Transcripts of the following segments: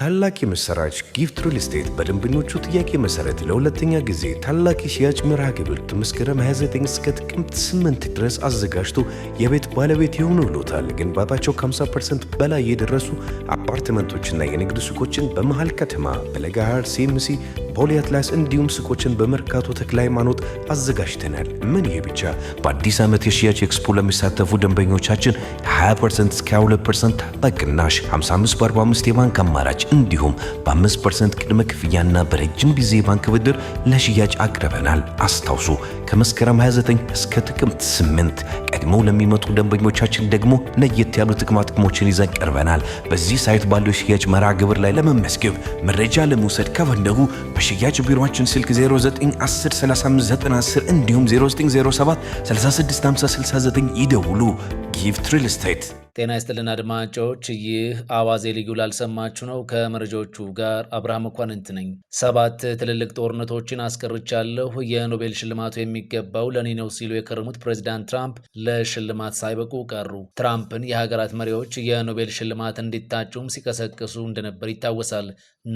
ታላቅ የምሥራች! ጊፍት ሪል ስቴት በደንበኞቹ ጥያቄ መሰረት ለሁለተኛ ጊዜ ታላቅ የሽያጭ መርሃ ግብር መስከረም 29 እስከ ጥቅምት 8 ድረስ አዘጋጅቶ የቤት ባለቤት የሆኑ ብሎታል። ግንባታቸው ከ50% በላይ የደረሱ አፓርትመንቶችና የንግድ ሱቆችን በመሃል ከተማ በለጋሃር ሲምሲ በፖሊ አትላስ እንዲሁም ሱቆችን በመርካቶ ተክለ ሃይማኖት አዘጋጅተናል። ምን ይሄ ብቻ! በአዲስ ዓመት የሽያጭ ኤክስፖ ለሚሳተፉ ደንበኞቻችን 20 እስከ 22 ፐርሰንት በቅናሽ 55 በ45 የባንክ አማራጭ እንዲሁም በ5 ቅድመ ክፍያና በረጅም ጊዜ የባንክ ብድር ለሽያጭ አቅርበናል። አስታውሱ ከመስከረም 29 እስከ ጥቅምት 8 ቀድመው ለሚመጡ ደንበኞቻችን ደግሞ ለየት ያሉ ጥቅማ ጥቅሞችን ይዘን ቀርበናል። በዚህ ሳይት ባለው የሽያጭ መርሃ ግብር ላይ ለመመስገብ መረጃ ለመውሰድ ከፈለጉ በሽያጭ ቢሮችን ስልክ 09103510 እንዲሁም 0907 5669 ይደውሉ። ጊፍት ሪል ስቴት ጤና ይስጥልን አድማጮች፣ ይህ አዋዜ ልዩ ላልሰማችሁ ነው። ከመረጃዎቹ ጋር አብርሃም መኳንንት ነኝ። ሰባት ትልልቅ ጦርነቶችን አስቀርቻለሁ፣ የኖቤል ሽልማቱ የሚገባው ለኔ ነው ሲሉ የከረሙት ፕሬዚዳንት ትራምፕ ለሽልማት ሳይበቁ ቀሩ። ትራምፕን የሀገራት መሪዎች የኖቤል ሽልማት እንዲታጩም ሲቀሰቅሱ እንደነበር ይታወሳል።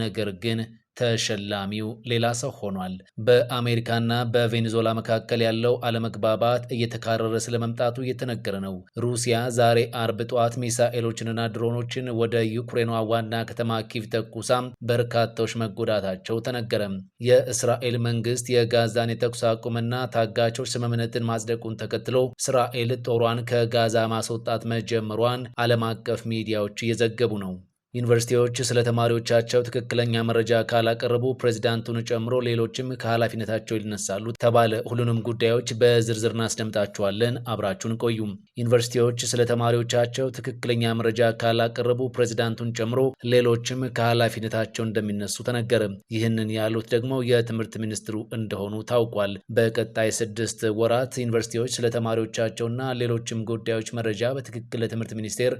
ነገር ግን ተሸላሚው ሌላ ሰው ሆኗል። በአሜሪካና በቬኔዙዌላ መካከል ያለው አለመግባባት እየተካረረ ስለመምጣቱ እየተነገረ ነው። ሩሲያ ዛሬ አርብ የጠዋት ሚሳኤሎችንና ድሮኖችን ወደ ዩክሬኗ ዋና ከተማ ኪቭ ተኩሳ በርካታዎች መጎዳታቸው ተነገረ። የእስራኤል መንግስት የጋዛን የተኩስ አቁምና ታጋቾች ስምምነትን ማጽደቁን ተከትሎ እስራኤል ጦሯን ከጋዛ ማስወጣት መጀመሯን ዓለም አቀፍ ሚዲያዎች እየዘገቡ ነው። ዩኒቨርሲቲዎች ስለ ተማሪዎቻቸው ትክክለኛ መረጃ ካላቀረቡ ፕሬዚዳንቱን ጨምሮ ሌሎችም ከኃላፊነታቸው ይነሳሉ ተባለ። ሁሉንም ጉዳዮች በዝርዝር እናስደምጣችኋለን። አብራችሁን ቆዩም። ዩኒቨርሲቲዎች ስለ ተማሪዎቻቸው ትክክለኛ መረጃ ካላቀረቡ ፕሬዚዳንቱን ጨምሮ ሌሎችም ከኃላፊነታቸው እንደሚነሱ ተነገረ። ይህንን ያሉት ደግሞ የትምህርት ሚኒስትሩ እንደሆኑ ታውቋል። በቀጣይ ስድስት ወራት ዩኒቨርሲቲዎች ስለ ተማሪዎቻቸውና ሌሎችም ጉዳዮች መረጃ በትክክል ለትምህርት ሚኒስቴር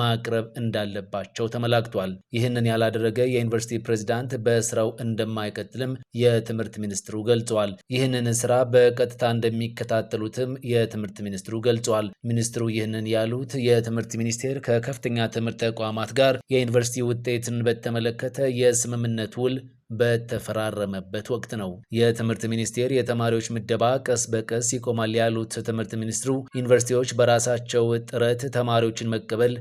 ማቅረብ እንዳለባቸው ተመላክቷል። ይህንን ያላደረገ የዩኒቨርሲቲ ፕሬዚዳንት በስራው እንደማይቀጥልም የትምህርት ሚኒስትሩ ገልጸዋል። ይህንን ስራ በቀጥታ እንደሚከታተሉትም የትምህርት ሚኒስትሩ ገልጸዋል። ሚኒስትሩ ይህንን ያሉት የትምህርት ሚኒስቴር ከከፍተኛ ትምህርት ተቋማት ጋር የዩኒቨርሲቲ ውጤትን በተመለከተ የስምምነት ውል በተፈራረመበት ወቅት ነው። የትምህርት ሚኒስቴር የተማሪዎች ምደባ ቀስ በቀስ ይቆማል ያሉት ትምህርት ሚኒስትሩ ዩኒቨርሲቲዎች በራሳቸው ጥረት ተማሪዎችን መቀበል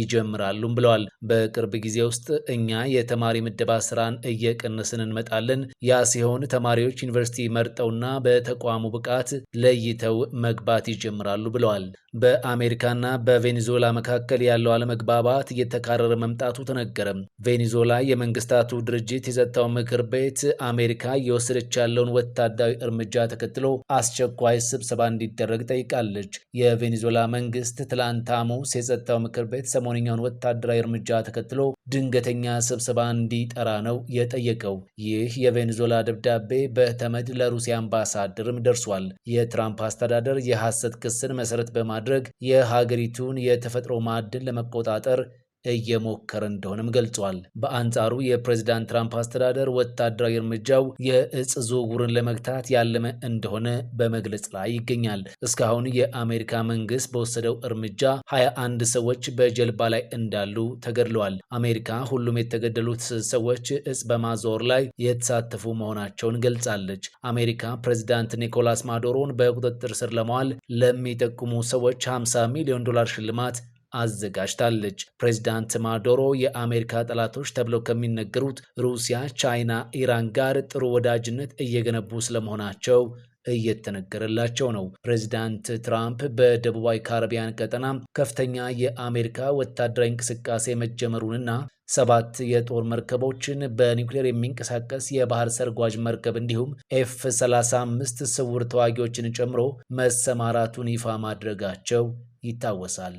ይጀምራሉም ብለዋል። በቅርብ ጊዜ ውስጥ እኛ የተማሪ ምደባ ስራን እየቀነስን እንመጣለን። ያ ሲሆን ተማሪዎች ዩኒቨርሲቲ መርጠውና በተቋሙ ብቃት ለይተው መግባት ይጀምራሉ ብለዋል። በአሜሪካና በቬኔዙዌላ መካከል ያለው አለመግባባት እየተካረረ መምጣቱ ተነገረ። ቬኔዙዌላ የመንግስታቱ ድርጅት የጸጥታው ምክር ቤት አሜሪካ እየወሰደች ያለውን ወታደራዊ እርምጃ ተከትሎ አስቸኳይ ስብሰባ እንዲደረግ ጠይቃለች። የቬኔዙዌላ መንግስት ትላንት ሐሙስ የጸጥታው ምክር ቤት ሰሞንኛውን ወታደራዊ እርምጃ ተከትሎ ድንገተኛ ስብሰባ እንዲጠራ ነው የጠየቀው። ይህ የቬኔዙዌላ ደብዳቤ በተመድ ለሩሲያ አምባሳደርም ደርሷል። የትራምፕ አስተዳደር የሐሰት ክስን መሰረት በማድረግ የሀገሪቱን የተፈጥሮ ማዕድን ለመቆጣጠር እየሞከረ እንደሆነም ገልጿል። በአንጻሩ የፕሬዚዳንት ትራምፕ አስተዳደር ወታደራዊ እርምጃው የእጽ ዝውውርን ለመግታት ያለመ እንደሆነ በመግለጽ ላይ ይገኛል። እስካሁን የአሜሪካ መንግስት በወሰደው እርምጃ 21 ሰዎች በጀልባ ላይ እንዳሉ ተገድለዋል። አሜሪካ ሁሉም የተገደሉት ሰዎች እጽ በማዞር ላይ የተሳተፉ መሆናቸውን ገልጻለች። አሜሪካ ፕሬዚዳንት ኒኮላስ ማዶሮን በቁጥጥር ስር ለመዋል ለሚጠቁሙ ሰዎች 50 ሚሊዮን ዶላር ሽልማት አዘጋጅታለች። ፕሬዚዳንት ማዶሮ የአሜሪካ ጠላቶች ተብለው ከሚነገሩት ሩሲያ፣ ቻይና፣ ኢራን ጋር ጥሩ ወዳጅነት እየገነቡ ስለመሆናቸው እየተነገረላቸው ነው። ፕሬዚዳንት ትራምፕ በደቡባዊ ካረቢያን ቀጠና ከፍተኛ የአሜሪካ ወታደራዊ እንቅስቃሴ መጀመሩንና ሰባት የጦር መርከቦችን በኒውክሌር የሚንቀሳቀስ የባህር ሰርጓጅ መርከብ እንዲሁም ኤፍ 35 ስውር ተዋጊዎችን ጨምሮ መሰማራቱን ይፋ ማድረጋቸው ይታወሳል።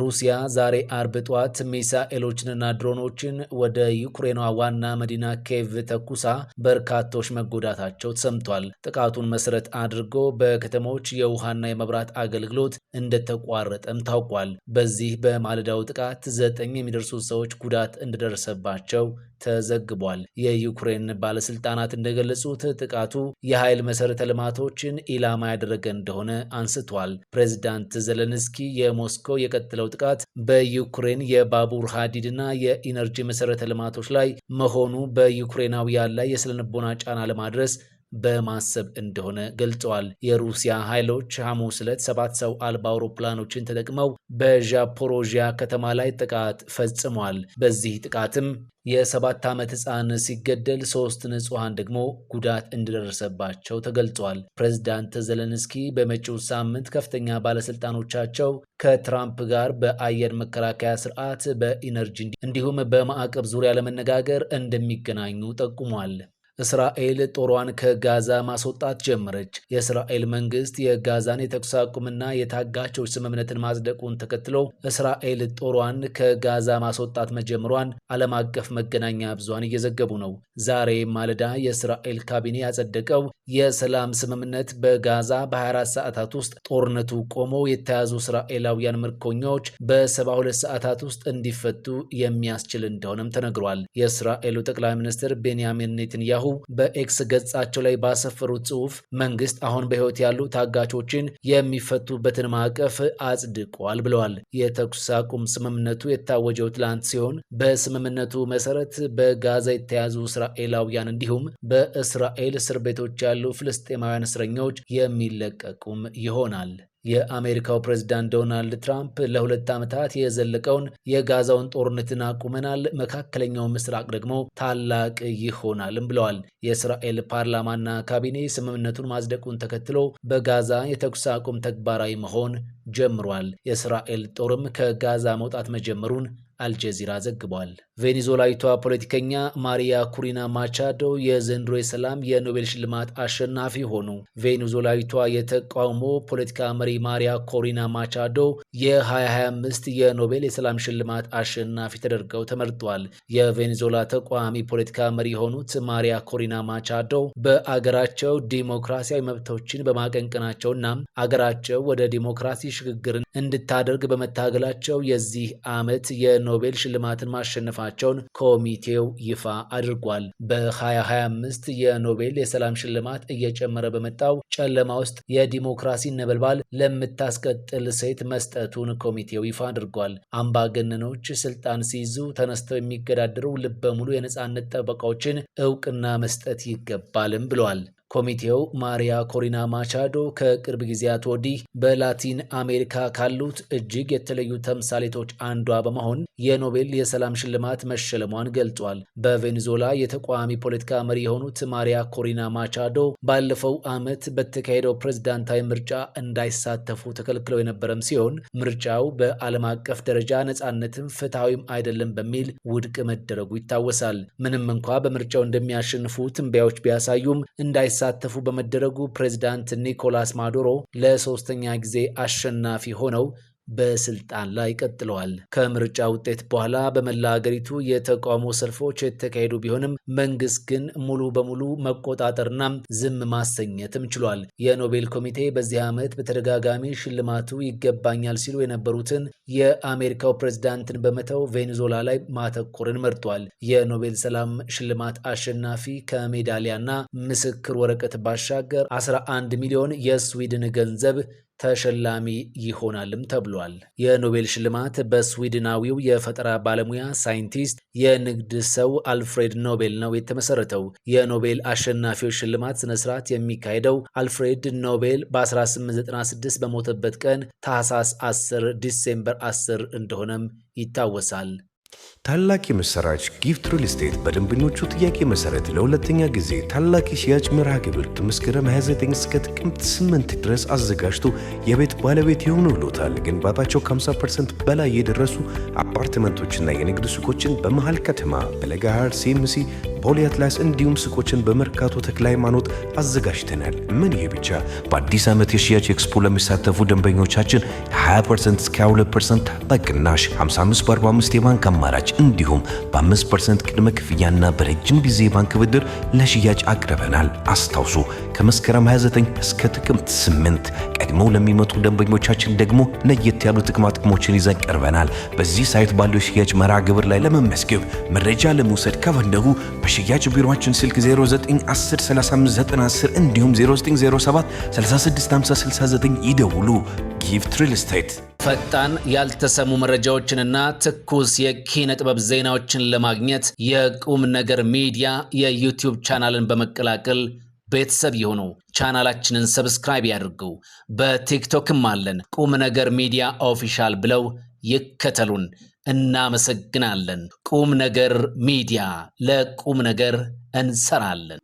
ሩሲያ ዛሬ አርብ ጠዋት ሚሳኤሎችንና ድሮኖችን ወደ ዩክሬኗ ዋና መዲና ኬቭ ተኩሳ በርካቶች መጎዳታቸው ተሰምቷል። ጥቃቱን መሰረት አድርጎ በከተሞች የውሃና የመብራት አገልግሎት እንደተቋረጠም ታውቋል። በዚህ በማለዳው ጥቃት ዘጠኝ የሚደርሱ ሰዎች ጉዳት እንደደረሰባቸው ተዘግቧል። የዩክሬን ባለስልጣናት እንደገለጹት ጥቃቱ የኃይል መሰረተ ልማቶችን ኢላማ ያደረገ እንደሆነ አንስቷል። ፕሬዚዳንት ዘለንስኪ የሞስኮ የቀጥለው ጥቃት በዩክሬን የባቡር ሀዲድና የኢነርጂ መሰረተ ልማቶች ላይ መሆኑ በዩክሬናውያን ላይ የስነልቦና ጫና ለማድረስ በማሰብ እንደሆነ ገልጸዋል። የሩሲያ ኃይሎች ሐሙስ ዕለት ሰባት ሰው አልባ አውሮፕላኖችን ተጠቅመው በዣፖሮዥያ ከተማ ላይ ጥቃት ፈጽሟል። በዚህ ጥቃትም የሰባት ዓመት ሕፃን ሲገደል ሶስት ንጹሐን ደግሞ ጉዳት እንደደረሰባቸው ተገልጿል። ፕሬዚዳንት ዘለንስኪ በመጪው ሳምንት ከፍተኛ ባለስልጣኖቻቸው ከትራምፕ ጋር በአየር መከላከያ ስርዓት፣ በኢነርጂ እንዲሁም በማዕቀብ ዙሪያ ለመነጋገር እንደሚገናኙ ጠቁሟል። እስራኤል ጦሯን ከጋዛ ማስወጣት ጀመረች። የእስራኤል መንግስት የጋዛን የተኩስ አቁምና የታጋቾች ስምምነትን ማጽደቁን ተከትሎ እስራኤል ጦሯን ከጋዛ ማስወጣት መጀመሯን ዓለም አቀፍ መገናኛ ብዙሃን እየዘገቡ ነው። ዛሬ ማለዳ የእስራኤል ካቢኔ ያጸደቀው የሰላም ስምምነት በጋዛ በ24 ሰዓታት ውስጥ ጦርነቱ ቆሞ የተያዙ እስራኤላውያን ምርኮኞች በ72 ሰዓታት ውስጥ እንዲፈቱ የሚያስችል እንደሆነም ተነግሯል። የእስራኤሉ ጠቅላይ ሚኒስትር ቤንያሚን ኔትንያሁ ኔታንያሁ በኤክስ ገጻቸው ላይ ባሰፈሩት ጽሑፍ መንግስት አሁን በሕይወት ያሉ ታጋቾችን የሚፈቱበትን ማዕቀፍ አጽድቋል ብለዋል። የተኩስ አቁም ስምምነቱ የታወጀው ትላንት ሲሆን በስምምነቱ መሰረት በጋዛ የተያዙ እስራኤላውያን እንዲሁም በእስራኤል እስር ቤቶች ያሉ ፍልስጤማውያን እስረኞች የሚለቀቁም ይሆናል። የአሜሪካው ፕሬዝዳንት ዶናልድ ትራምፕ ለሁለት ዓመታት የዘለቀውን የጋዛውን ጦርነትን አቁመናል፣ መካከለኛው ምስራቅ ደግሞ ታላቅ ይሆናልም ብለዋል። የእስራኤል ፓርላማና ካቢኔ ስምምነቱን ማጽደቁን ተከትሎ በጋዛ የተኩስ አቁም ተግባራዊ መሆን ጀምሯል። የእስራኤል ጦርም ከጋዛ መውጣት መጀመሩን አልጀዚራ ዘግቧል። ቬኔዙዌላዊቷ ፖለቲከኛ ማሪያ ኩሪና ማቻዶ የዘንድሮ የሰላም የኖቤል ሽልማት አሸናፊ ሆኑ። ቬኔዙዌላዊቷ የተቃውሞ ፖለቲካ መሪ ማሪያ ኮሪና ማቻዶ የ2025 የኖቤል የሰላም ሽልማት አሸናፊ ተደርገው ተመርጧል። የቬኔዙዌላ ተቃዋሚ ፖለቲካ መሪ የሆኑት ማሪያ ኮሪና ማቻዶ በአገራቸው ዲሞክራሲያዊ መብቶችን በማቀንቀናቸውና አገራቸው ወደ ዲሞክራሲ ሽግግርን እንድታደርግ በመታገላቸው የዚህ ዓመት የኖ የኖቤል ሽልማትን ማሸነፋቸውን ኮሚቴው ይፋ አድርጓል። በ2025 የኖቤል የሰላም ሽልማት እየጨመረ በመጣው ጨለማ ውስጥ የዲሞክራሲ ነበልባል ለምታስቀጥል ሴት መስጠቱን ኮሚቴው ይፋ አድርጓል። አምባገነኖች ስልጣን ሲይዙ ተነስተው የሚገዳደሩ ልበሙሉ የነጻነት ጠበቃዎችን እውቅና መስጠት ይገባልም ብለዋል። ኮሚቴው ማሪያ ኮሪና ማቻዶ ከቅርብ ጊዜያት ወዲህ በላቲን አሜሪካ ካሉት እጅግ የተለዩ ተምሳሌቶች አንዷ በመሆን የኖቤል የሰላም ሽልማት መሸለሟን ገልጿል። በቬኔዙዌላ የተቃዋሚ ፖለቲካ መሪ የሆኑት ማሪያ ኮሪና ማቻዶ ባለፈው ዓመት በተካሄደው ፕሬዝዳንታዊ ምርጫ እንዳይሳተፉ ተከልክለው የነበረም ሲሆን ምርጫው በዓለም አቀፍ ደረጃ ነጻነትም ፍትሐዊም አይደለም በሚል ውድቅ መደረጉ ይታወሳል። ምንም እንኳ በምርጫው እንደሚያሸንፉ ትንበያዎች ቢያሳዩም እንዳይሳ እንዲሳተፉ በመደረጉ ፕሬዚዳንት ኒኮላስ ማዱሮ ለሶስተኛ ጊዜ አሸናፊ ሆነው በስልጣን ላይ ቀጥለዋል። ከምርጫ ውጤት በኋላ በመላ አገሪቱ የተቃውሞ ሰልፎች የተካሄዱ ቢሆንም መንግስት ግን ሙሉ በሙሉ መቆጣጠርና ዝም ማሰኘትም ችሏል። የኖቤል ኮሚቴ በዚህ ዓመት በተደጋጋሚ ሽልማቱ ይገባኛል ሲሉ የነበሩትን የአሜሪካው ፕሬዝዳንትን በመተው ቬኔዙዌላ ላይ ማተኮርን መርጧል። የኖቤል ሰላም ሽልማት አሸናፊ ከሜዳሊያና ምስክር ወረቀት ባሻገር 11 ሚሊዮን የስዊድን ገንዘብ ተሸላሚ ይሆናልም ተብሏል። የኖቤል ሽልማት በስዊድናዊው የፈጠራ ባለሙያ ሳይንቲስት፣ የንግድ ሰው አልፍሬድ ኖቤል ነው የተመሰረተው። የኖቤል አሸናፊዎች ሽልማት ስነስርዓት የሚካሄደው አልፍሬድ ኖቤል በ1896 በሞተበት ቀን ታህሳስ 10 ዲሴምበር 10 እንደሆነም ይታወሳል። ታላቅ የምሥራች! ጊፍት ሪል ስቴት በደንበኞቹ ጥያቄ መሰረት ለሁለተኛ ጊዜ ታላቅ የሽያጭ መርሃ ግብር ከመስከረም 29 እስከ ጥቅምት 8 ድረስ አዘጋጅቶ የቤት ባለቤት የሆኑ ብሎታል። ግንባታቸው ከ50% በላይ የደረሱ አፓርትመንቶችና የንግድ ሱቆችን በመሃል ከተማ በለጋሃር ሲምሲ ቦሌ አትላስ እንዲሁም ሱቆችን በመርካቶ ተክለ ሃይማኖት አዘጋጅተናል። ምን ይሄ ብቻ! በአዲስ ዓመት የሽያጭ ኤክስፖ ለሚሳተፉ ደንበኞቻችን 20 እስከ 22 በቅናሽ 55 በ45 የባንክ አማራጭ እንዲሁም በ5 ቅድመ ክፍያና በረጅም ጊዜ የባንክ ብድር ለሽያጭ አቅርበናል። አስታውሱ ከመስከረም 29 እስከ ጥቅምት 8 ቀድሞ ለሚመጡ ደንበኞቻችን ደግሞ ለየት ያሉ ጥቅማ ጥቅሞችን ይዘን ቀርበናል። በዚህ ሳይት ባለው የሽያጭ መርሃ ግብር ላይ ለመመስገብ መረጃ ለመውሰድ ከፈለጉ ሽያጭ ቢሮችን ስልክ 09103510 እንዲሁም 0907365069 ይደውሉ። ጊፍት ሪል ስቴት ፈጣን ያልተሰሙ መረጃዎችንና ትኩስ የኪነ ጥበብ ዜናዎችን ለማግኘት የቁም ነገር ሚዲያ የዩቲዩብ ቻናልን በመቀላቀል ቤተሰብ የሆኑ ቻናላችንን ሰብስክራይብ ያድርጉ። በቲክቶክም አለን። ቁም ነገር ሚዲያ ኦፊሻል ብለው ይከተሉን። እናመሰግናለን። ቁም ነገር ሚዲያ ለቁም ነገር እንሰራለን።